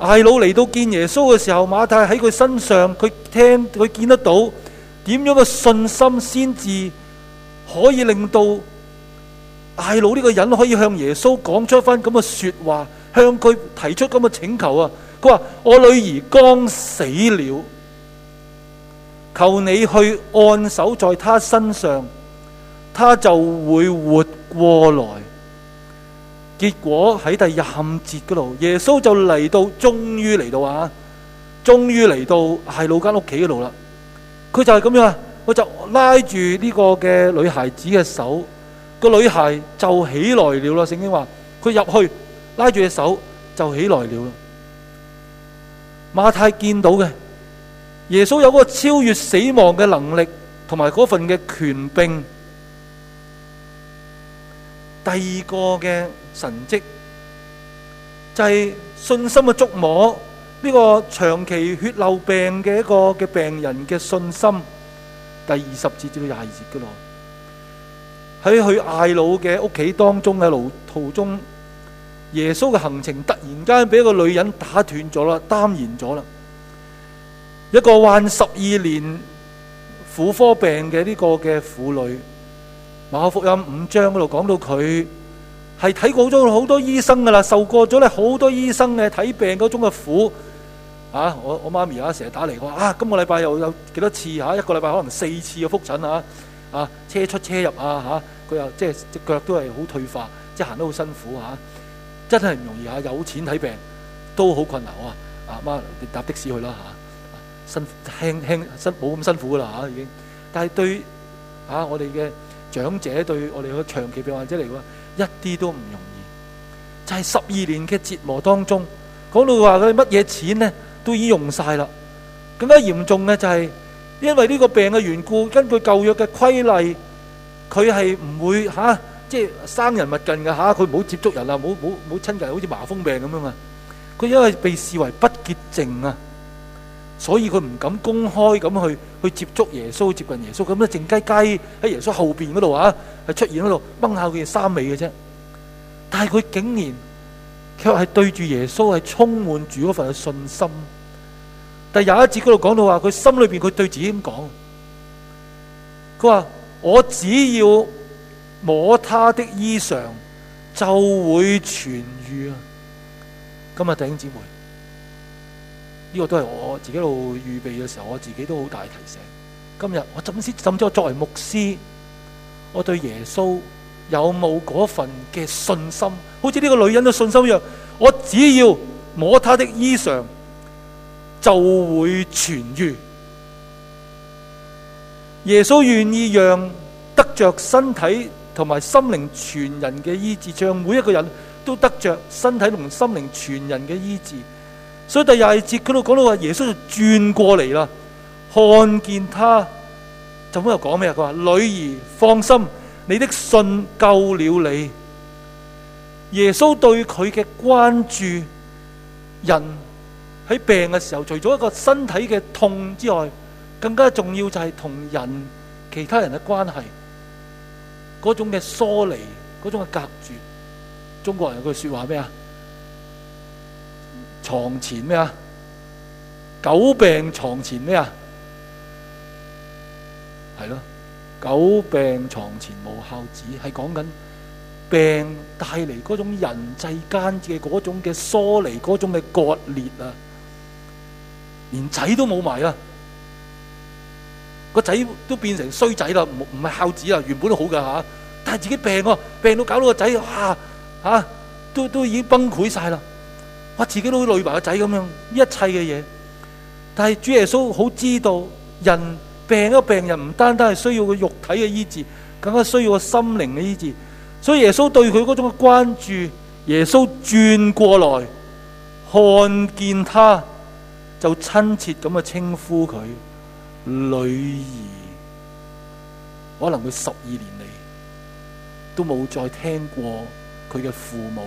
睚魯嚟到見耶穌嘅時候，馬太喺佢身上，佢聽佢見得到點樣嘅信心先至。可以令到睚魯呢個人可以向耶穌講出翻咁嘅說話，向佢提出咁嘅請求啊！佢話我女兒剛死了，求你去按手在她身上，她就會活過來。結果喺第廿節嗰度，耶穌就嚟到，終於嚟到，終於嚟到啊！終於嚟到睚魯間屋企嗰度啦。佢就係咁樣。我就拉住呢個嘅女孩子嘅手，個女孩就起來了啦。聖經話佢入去拉住隻手就起來了。馬太見到嘅耶穌有嗰個超越死亡嘅能力，同埋嗰份嘅權柄。第二個嘅神跡就係、是、信心嘅觸摸呢、這個長期血漏病嘅一個嘅病人嘅信心。第二十節至到廿二節嘅咯，喺去睚魯嘅屋企當中嘅路途中，耶穌嘅行程突然間俾一個女人打斷咗啦，耽延咗啦。一個患十二年婦科病嘅呢個嘅婦女，馬可福音五章嗰度講到佢係睇過咗好多醫生噶啦，受過咗咧好多醫生嘅睇病嗰種嘅苦。嚇、啊！我我媽咪啊，成日打嚟，我話啊，今個禮拜又有幾多次嚇、啊？一個禮拜可能四次嘅覆診嚇。啊，車出車入啊嚇！佢又即係隻腳都係好退化，即係行得好辛苦嚇、啊。真係唔容易嚇、啊。有錢睇病都好困難喎。阿、啊、媽，媽搭的士去啦嚇、啊，身輕輕冇咁辛苦噶啦嚇已經。但係對啊，我哋嘅長者對我哋嘅長期病患者嚟講，一啲都唔容易。就係、是、十二年嘅折磨當中，講到話佢乜嘢錢呢？都已經用晒啦。更加嚴重嘅就係，因為呢個病嘅緣故，根據舊約嘅規例，佢係唔會嚇，啊，即係生人勿近嘅嚇，佢唔好接觸人啦，唔好唔好親近，好似麻風病咁啊嘛。佢因為被視為不潔淨啊，所以佢唔敢公開咁去去接觸耶穌、接近耶穌。咁咧靜雞雞喺耶穌後邊嗰度啊，係出現嗰度掹下佢嘅衫尾嘅啫。但係佢竟然～佢係對住耶穌，係充滿住嗰份信心。但有一節嗰度講到話，佢心裏邊佢對自己咁講：佢話我只要摸他的衣裳，就會痊愈啊！今日弟兄姊妹，呢、這個都係我自己喺度預備嘅時候，我自己都好大提醒。今日我怎先怎咗作為牧師，我對耶穌有冇嗰份嘅信心？好似呢個女人嘅信心一樣，我只要摸她的衣裳，就會痊愈。耶穌願意讓得着身體同埋心靈全人嘅醫治，讓每一個人都得着身體同心靈全人嘅醫治。所以第二十二節佢度講到話，耶穌就轉過嚟啦，看見她，就咁又講咩啊？佢話：女兒，放心，你的信救了你。耶穌對佢嘅關注，人喺病嘅時候，除咗一個身體嘅痛之外，更加重要就係同人其他人嘅關係，嗰種嘅疏離，嗰種嘅隔絕。中國人有句說話咩啊？床前咩啊？久病床前咩啊？係咯，久病床前無孝子，係講緊。病帶嚟嗰種人際間嘅嗰種嘅疏離，嗰種嘅割裂啊，連仔都冇埋啊，個仔都變成衰仔啦，唔唔係孝子啊，原本都好噶吓、啊，但係自己病啊，病到搞到個仔，哇吓、啊，都都已經崩潰晒啦，哇、啊、自己都累埋個仔咁樣，一切嘅嘢。但係主耶穌好知道，人病一個病人唔單單係需要個肉體嘅醫治，更加需要個心靈嘅醫治。所以耶穌對佢嗰種嘅關注，耶穌轉過來，看見他，就親切咁嘅稱呼佢女兒。可能佢十二年嚟,都冇再聽過佢嘅父母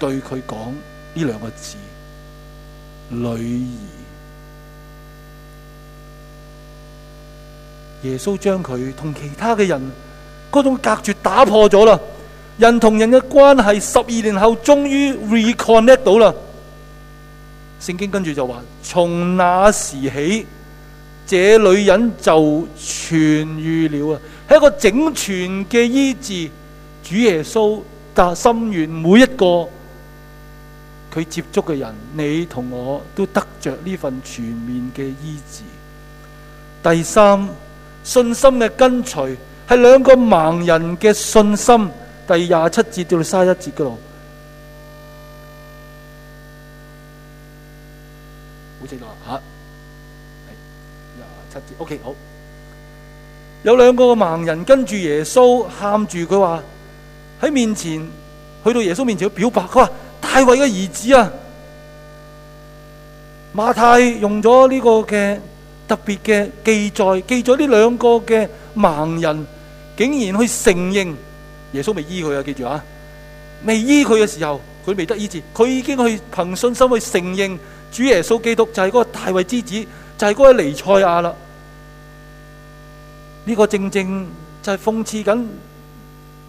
對佢講呢兩個字，女兒。耶穌將佢同其他嘅人。嗰種隔絕打破咗啦，人同人嘅關係十二年後終於 reconnect 到啦。聖經跟住就話：從那時起，這女人就痊愈了啊！係一個整全嘅醫治，主耶穌嘅心願，每一個佢接觸嘅人，你同我都得着呢份全面嘅醫治。第三，信心嘅跟隨。係兩個盲人嘅信心，第二十七節到三十一節嘅路，好清楚啊。二十七節，OK 好。 有兩個盲人跟住耶穌，喊住佢話喺面前，去到耶穌面前去表白，佢話大衛嘅兒子啊，馬太用咗呢個嘅特別嘅記載，記咗呢兩個嘅盲人。竟然去承認耶穌未醫佢啊！記住啊，未醫佢嘅時候，佢未得醫治，佢已經去憑信心去承認主耶穌基督就係嗰個大衛之子，就係、是、嗰個彌賽亞啦。呢、這個正正就係諷刺緊，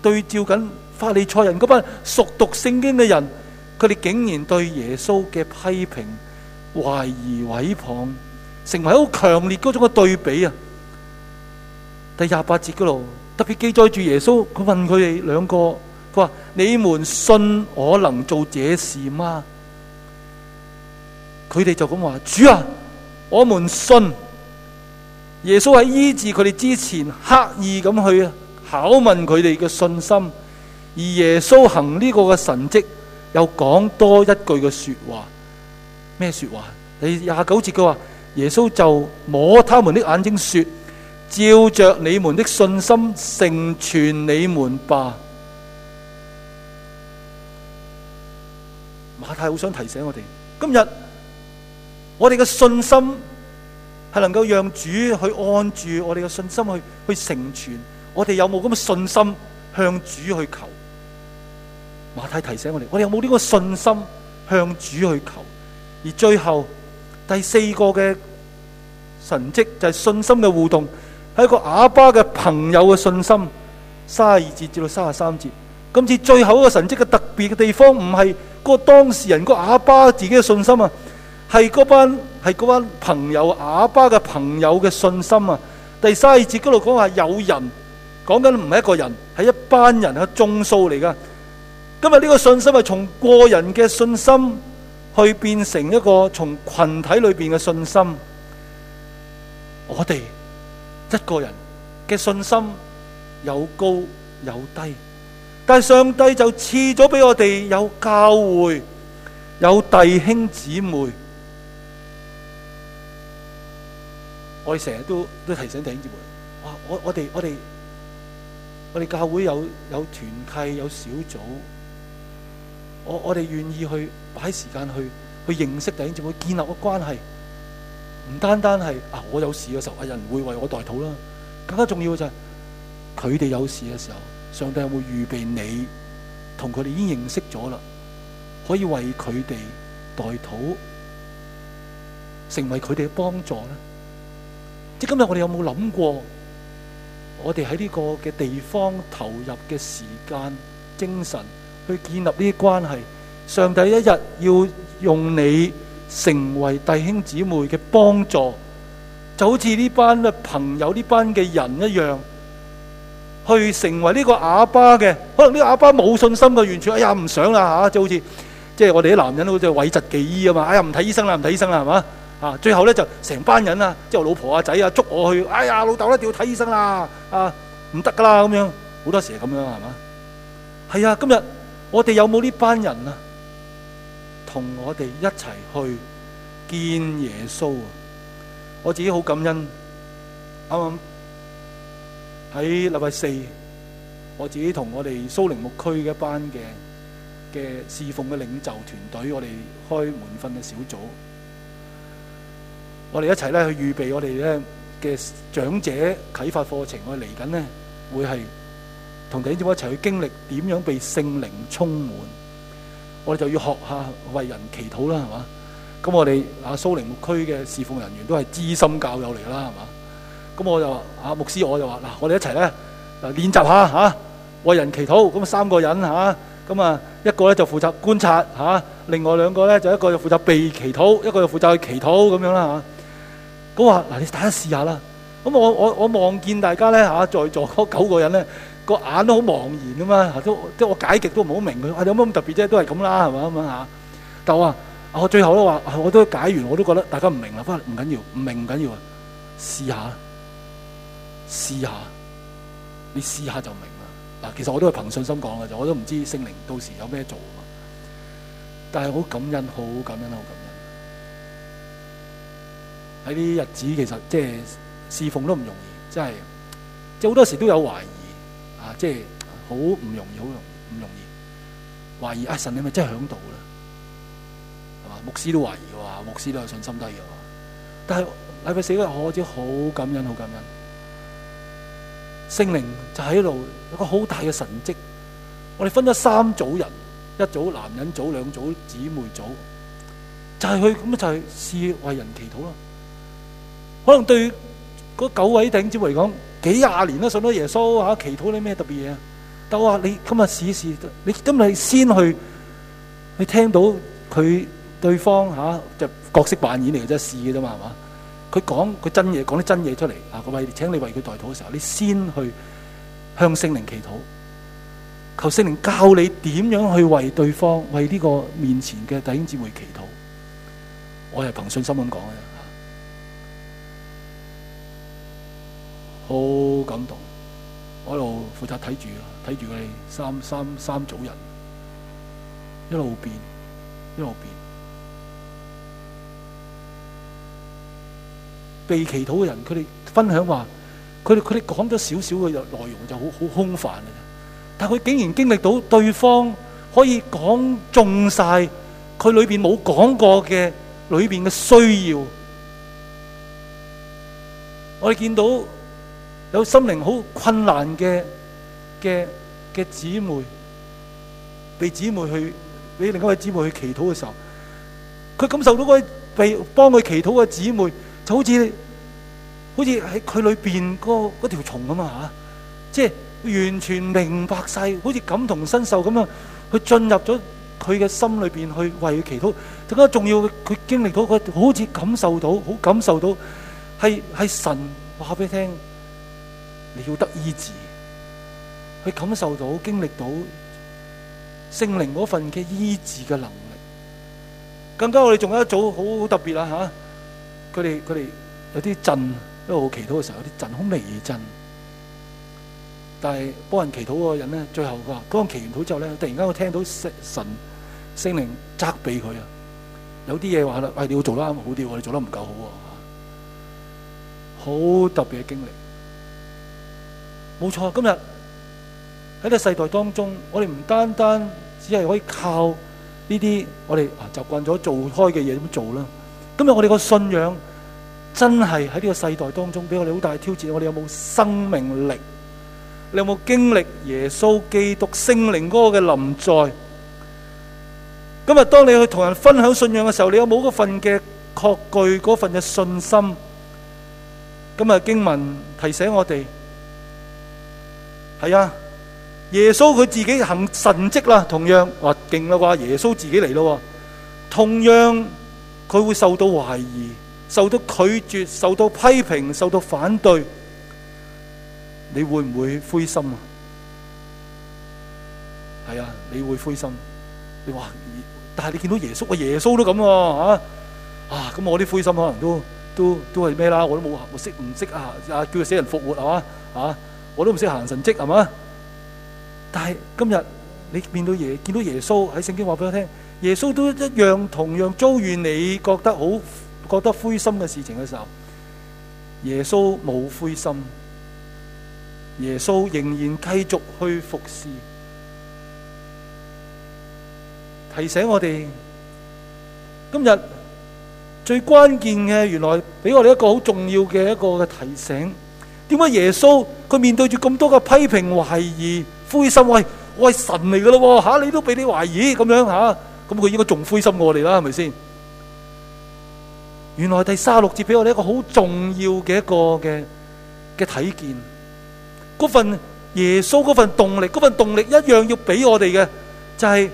對照緊法利賽人嗰班熟讀聖經嘅人，佢哋竟然對耶穌嘅批評、懷疑、毀謗，成為好強烈嗰種嘅對比啊！第廿八節嗰度。特別記載住耶穌，佢問佢哋兩個，佢話：你們信我能做這事嗎？佢哋就咁話：主啊，我們信。耶穌喺醫治佢哋之前，刻意咁去考問佢哋嘅信心。而耶穌行呢個嘅神蹟，又講多一句嘅說話。咩說話？第廿九節佢話：耶穌就摸他們的眼睛說照着你們的信心成全你們吧。馬太好想提醒我哋，今日我哋嘅信心係能夠讓主去按住我哋嘅信心去去成全。我哋有冇咁嘅信心向主去求？馬太提醒我哋，我哋有冇呢個信心向主去求？而最後第四個嘅神蹟就係信心嘅互動。係一個啞巴嘅朋友嘅信心，卅二節至到卅三節。今次最後一個神蹟嘅特別嘅地方，唔係嗰個當事人個啞巴自己嘅信心啊，係嗰班係嗰班朋友啞巴嘅朋友嘅信心啊。第三二節嗰度講話有人，講緊唔係一個人，係一班人係眾數嚟噶。今日呢個信心係從個人嘅信心去變成一個從群體裏邊嘅信心，我哋。一個人嘅信心有高有低，但係上帝就賜咗俾我哋有教會，有弟兄姊妹。我哋成日都都提醒弟兄姊妹，啊！我我哋我哋，我哋教會有有團契，有小組。我我哋願意去擺時間去去認識弟兄姊妹，建立個關係。唔單單係啊，我有事嘅時候，有人會為我代禱啦。更加重要嘅就係，佢哋有事嘅時候，上帝會預備你同佢哋已經認識咗啦，可以為佢哋代禱，成為佢哋嘅幫助咧。即係今日我哋有冇諗過，我哋喺呢個嘅地方投入嘅時間、精神，去建立呢啲關係？上帝一日要用你。成為弟兄姊妹嘅幫助，就好似呢班嘅朋友呢班嘅人一樣，去成為呢個啞巴嘅。可能呢個啞巴冇信心嘅，完全哎呀唔想啦吓，啊，即係好似即係我哋啲男人好似諱疾忌醫啊嘛。哎呀唔睇醫生啦，唔睇醫生啦係嘛啊！最後咧就成班人啊，即係老婆阿仔啊捉我去。哎呀老豆一定要睇醫生啦啊，唔得噶啦咁樣，好多時係咁樣係嘛。係啊，今日我哋有冇呢班人啊？同我哋一齊去見耶穌啊！我自己好感恩，啱啱喺禮拜四，我自己同我哋蘇寧牧區嘅一班嘅嘅侍奉嘅領袖團隊，我哋開門訓嘅小組，我哋一齊咧去預備我哋咧嘅長者啟發課程，我哋嚟緊呢會係同弟兄一齊去經歷點樣被聖靈充滿。我哋就要學下為人祈禱啦，係嘛？咁我哋啊蘇寧牧區嘅侍奉人員都係資深教友嚟啦，係嘛？咁我就話啊牧師我就話嗱，我哋一齊咧練習下嚇、啊、為人祈禱，咁三個人嚇咁啊一個咧就負責觀察嚇、啊，另外兩個咧就一個就負責被祈禱，一個就負責去祈禱咁樣啦嚇。啊、我話嗱，你大家試下啦。咁我我我望見大家咧嚇、啊、在座九個人咧。個眼都好茫然啊嘛，都即係我解極都唔好明佢，啊有乜咁特別啫？都係咁啦，係咪？咁樣嚇。但係我，我最後都話，我都解完，我都覺得大家唔明啦，翻嚟唔緊要，唔明唔緊要，試下，試下，你試下就明啦。嗱，其實我都係憑信心講嘅啫，我都唔知聖靈到時有咩做啊。但係好感恩，好感恩，好感恩。喺啲日子其實即係侍奉都唔容易，即係即係好多時都有懷疑。啊，即係好唔容易，好容唔容易，懷疑阿神你咪真係響度啦，係嘛？牧師都懷疑嘅，話牧師都係信心低嘅，但係禮拜四嗰日我知好感恩，好感恩，聖靈就喺度有個好大嘅神蹟。我哋分咗三組人，一組男人組，兩組姊妹組，就係去咁樣就去試為人祈禱咯。可能對嗰九位弟兄嚟講。幾廿年啦，信咗耶穌吓，祈禱你咩特別嘢？但係我話你今日試試，你今日先去去聽到佢對方吓，就角色扮演嚟嘅啫，試嘅啫嘛，係嘛？佢講佢真嘢，講啲真嘢出嚟啊！佢為請你為佢代禱嘅時候，你先去向聖靈祈禱，求聖靈教你點樣去為對方、為呢個面前嘅弟兄姊妹祈禱。我係憑信心咁講嘅。好感動，我一路負責睇住啊，睇住佢哋三三三組人一路變，一路變。被祈禱嘅人，佢哋分享話，佢哋佢哋講咗少少嘅內容就好好空泛嘅啫，但係佢竟然經歷到對方可以講中晒，佢裏邊冇講過嘅裏邊嘅需要，我哋見到。有心靈好困難嘅嘅嘅姊妹，被姊妹去俾另外一位姊妹去祈禱嘅時候，佢感受到嗰位幫佢祈禱嘅姊妹，就好似好似喺佢裏邊嗰嗰條蟲咁啊！即係完全明白晒，好似感同身受咁啊！去進入咗佢嘅心裏邊去為佢祈禱，更加重要，佢經歷到佢好似感受到，好感受到係係神話俾你聽。你要得醫治，去感受到、經歷到聖靈嗰份嘅醫治嘅能力。更加我哋仲有一組好特別啊吓，佢哋佢哋有啲震，因為我祈禱嘅時候有啲震，好微震。但係幫人祈禱嗰個人咧，最後佢話，當祈完禱之後咧，突然間我聽到神聖靈責備佢啊，有啲嘢話啦，喂、哎，你要做得啱好啲，你做得唔夠好啊。好特別嘅經歷。冇錯，今日喺呢個世代當中，我哋唔單單只係可以靠呢啲我哋啊習慣咗做開嘅嘢點做啦。今日我哋個信仰真係喺呢個世代當中俾我哋好大嘅挑戰。我哋有冇生命力？你有冇經歷耶穌基督聖靈嗰個嘅臨在？今日，當你去同人分享信仰嘅時候，你有冇嗰份嘅確據？嗰份嘅信心？今日，經文提醒我哋。係啊，耶穌佢自己行神跡啦，同樣哇勁啦啩，耶穌自己嚟咯，同樣佢會受到懷疑、受到拒絕、受到批評、受到反對，你會唔會灰心啊？係啊，你會灰心。你話，但係你見到耶穌啊，耶穌都咁喎，啊啊，咁我啲灰心可能都都都係咩啦？我都冇我識，唔識啊啊，叫佢死人復活係嘛啊？我都唔識行神蹟係嘛，但係今日你面對耶見到耶穌喺聖經話俾我聽，耶穌都一樣同樣遭遇，你覺得好覺得灰心嘅事情嘅時候，耶穌冇灰心，耶穌仍然繼續去服侍，提醒我哋今日最關鍵嘅原來俾我哋一個好重要嘅一個嘅提醒。點解耶穌佢面對住咁多嘅批評、懷疑、灰心？喂，我係神嚟噶咯，吓、啊、你都俾你懷疑咁樣吓，咁、啊、佢應該仲灰心過我哋啦，係咪先？原來第三十六節俾我哋一個好重要嘅一個嘅嘅睇見，嗰份耶穌嗰份動力，嗰份動力一樣要俾我哋嘅，就係、是、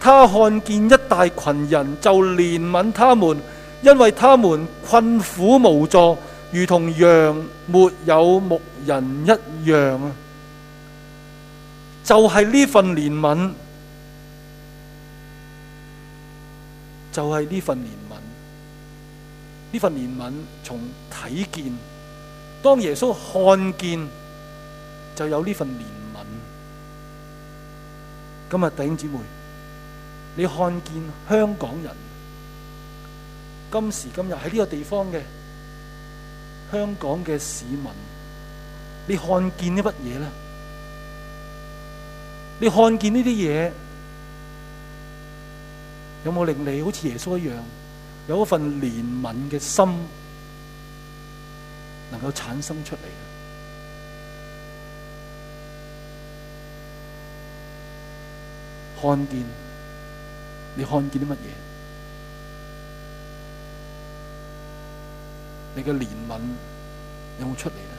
他看見一大群人就憐憫他們，因為他們困苦無助。如同羊沒有牧人一樣，就係呢份憐憫，就係呢份憐憫，呢份憐憫從睇見，當耶穌看見，就有呢份憐憫。今日弟兄姊妹，你看見香港人，今時今日喺呢個地方嘅？香港嘅市民，你看見啲乜嘢咧？你看見呢啲嘢，有冇令你好似耶穌一樣，有一份憐憫嘅心，能夠產生出嚟？看見，你看見啲乜嘢？你嘅憐憫有冇出嚟咧？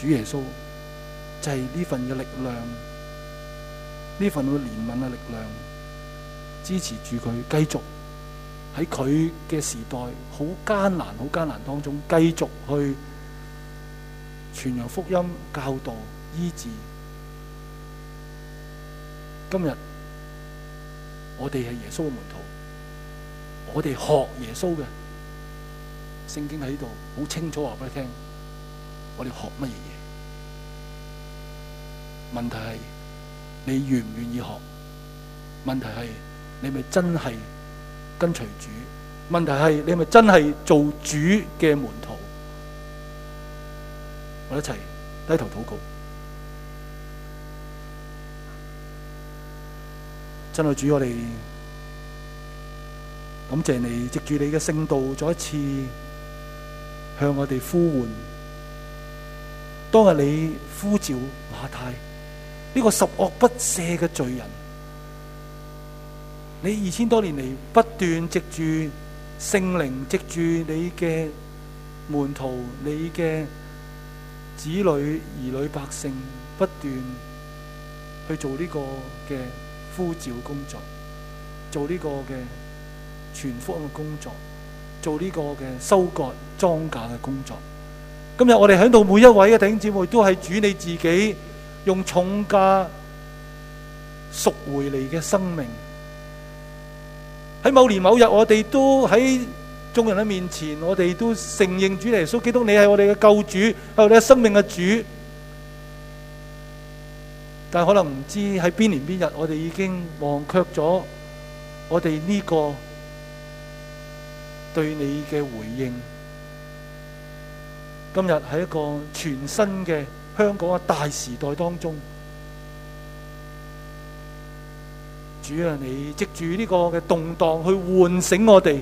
主耶穌就係、是、呢份嘅力量，呢份嘅憐憫嘅力量，支持住佢繼續喺佢嘅時代好艱難、好艱難當中，繼續去傳揚福音、教導、醫治。今日我哋係耶穌嘅門徒。我哋學耶穌嘅聖經喺呢度好清楚話俾你聽，我哋學乜嘢嘢？問題係你願唔願意學？問題係你係咪真係跟隨主？問題係你係咪真係做主嘅門徒？我一齊低頭禱告，真係主我哋。感謝你，藉住你嘅聖道，再一次向我哋呼喚。當日你呼召馬太，呢個十惡不赦嘅罪人，你二千多年嚟不斷藉住聖靈，藉住你嘅門徒、你嘅子女、兒女、百姓，不斷去做呢個嘅呼召工作，做呢個嘅全福音嘅工作，做呢個嘅收割莊稼嘅工作。今日我哋響度每一位嘅弟兄姊妹，都係主你自己用重價贖回你嘅生命。喺某年某日，我哋都喺眾人嘅面前，我哋都承認主耶穌基督你係我哋嘅救主，係我哋嘅生命嘅主。但係可能唔知喺邊年邊日，我哋已經忘卻咗我哋呢、這個。對你嘅回應，今日喺一個全新嘅香港嘅大時代當中，主啊，你藉住呢個嘅動盪去喚醒我哋，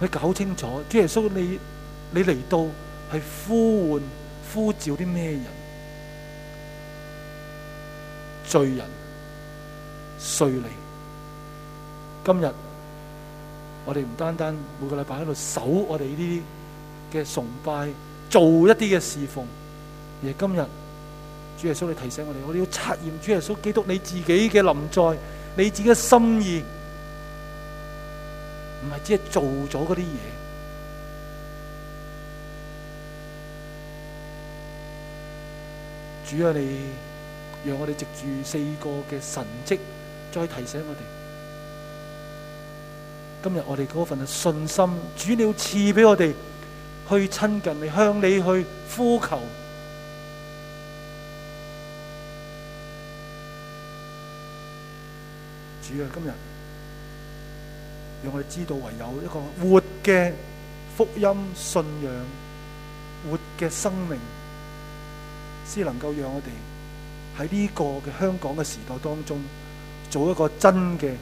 去搞清楚，主耶穌，你你嚟到係呼喚、呼召啲咩人？罪人、稅吏。今日我哋唔單單每個禮拜喺度守我哋呢啲嘅崇拜，做一啲嘅侍奉。而今日主耶穌，你提醒我哋，我哋要察驗主耶穌基督你自己嘅臨在，你自己嘅心意，唔係只係做咗嗰啲嘢。主啊你，你讓我哋藉住四個嘅神蹟，再提醒我哋。今日我哋嗰份信心，主要賜俾我哋去親近你，向你去呼求，主啊！今日讓我哋知道，唯有一個活嘅福音信仰，活嘅生命，先能夠讓我哋喺呢個嘅香港嘅時代當中，做一個真嘅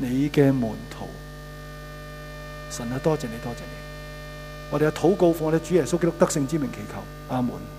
你嘅門徒。神啊，多謝你，多謝你！我哋要禱告，奉我哋主耶穌基督得勝之名祈求，阿門。